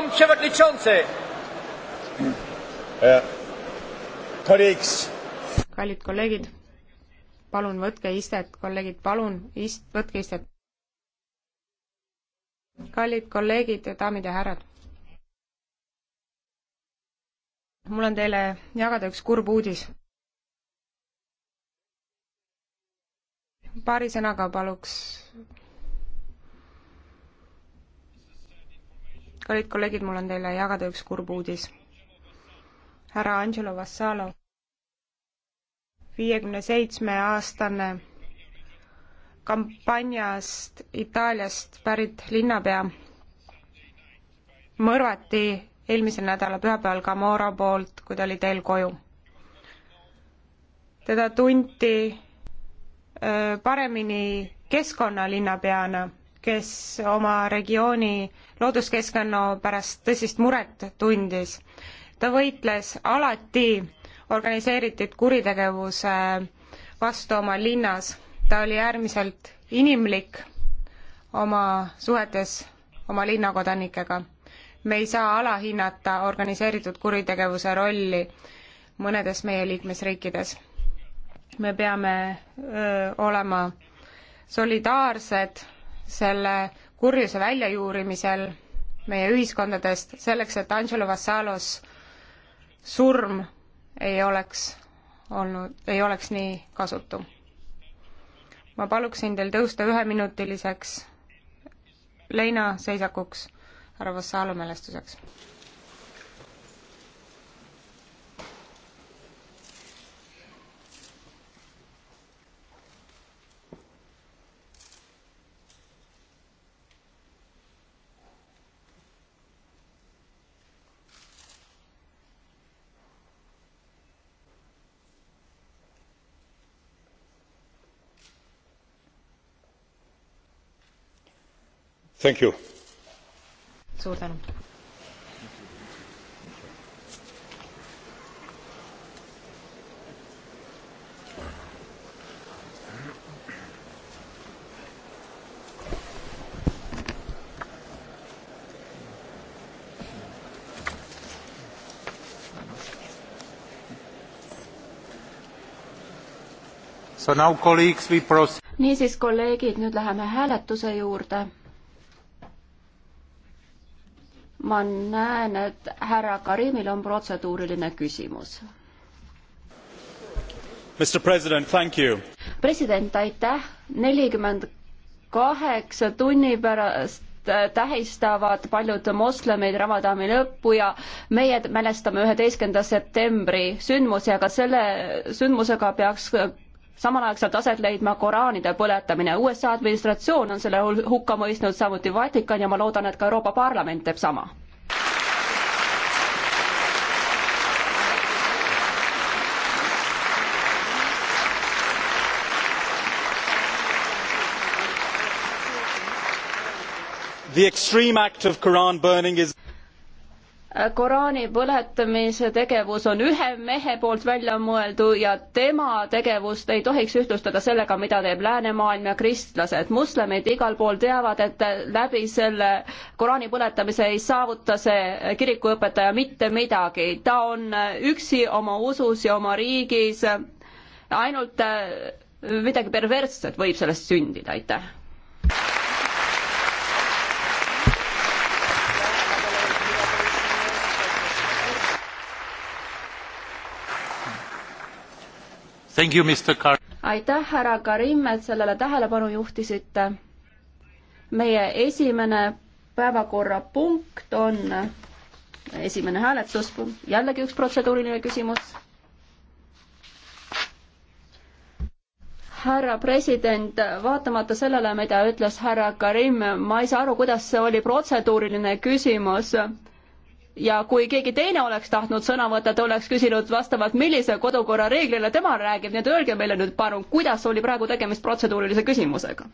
Pan Przewodniczący! E, kallid kolleegid, palun võtke istet, kolleegid, palun ist-, võtke istet. kallid kolleegid, daamid ja härrad. mul on teile jagada üks kurb uudis. paari sõnaga paluks kallid kolleegid, mul on teile jagada üks kurb uudis. härra Angelo Vassalo, viiekümne seitsme aastane kampaaniast Itaaliast pärit linnapea, mõrvati eelmisel nädala pühapäeval Camorra poolt, kui ta oli teel koju. teda tunti paremini keskkonnalinnapeana kes oma regiooni looduskeskkonna pärast tõsist muret tundis. ta võitles alati organiseeritud kuritegevuse vastu oma linnas, ta oli äärmiselt inimlik oma suhetes oma linnakodanikega. me ei saa alahinnata organiseeritud kuritegevuse rolli mõnedes meie liikmesriikides. me peame öö, olema solidaarsed selle kurjuse väljajuurimisel meie ühiskondadest, selleks et Angelo Vassalos surm ei oleks olnud, ei oleks nii kasutu. ma paluksin teil tõusta üheminutiliseks leinaseisakuks härra Vassalo mälestuseks. suur tänu! niisiis kolleegid nüüd läheme hääletuse juurde ma näen, et härra Karimil on protseduuriline küsimus. president, president, aitäh. nelikümmend kaheksa tunni pärast äh, tähistavad paljud moslemid Ramadani lõppu ja meie mälestame üheteistkümnenda septembri sündmusi, aga selle sündmusega peaks samalaegselt aset leidma Koraanide põletamine. USA administratsioon on selle hukka mõistnud, samuti Vatikan ja ma loodan, et ka Euroopa Parlament teeb sama. The extreme act of Quran burning is Koraani põletamise tegevus on ühe mehe poolt välja mõeldu ja tema tegevust ei tohiks ühtlustada sellega, mida teeb läänemaailm ja kristlased. moslemid igal pool teavad, et läbi selle Koraani põletamise ei saavuta see kirikuõpetaja mitte midagi. ta on üksi oma usus ja oma riigis. ainult äh, midagi perversset võib sellest sündida, aitäh aitäh, härra Karim, et sellele tähelepanu juhtisite. meie esimene päevakorrapunkt on esimene hääletus, jällegi üks protseduuriline küsimus. härra president, vaatamata sellele, mida ütles härra Karim, ma ei saa aru, kuidas see oli protseduuriline küsimus ja kui keegi teine oleks tahtnud sõna võtta, ta oleks küsinud vastavalt, millise kodukorra reeglile tema räägib, nii et öelge meile nüüd palun, kuidas oli praegu tegemist protseduurilise küsimusega?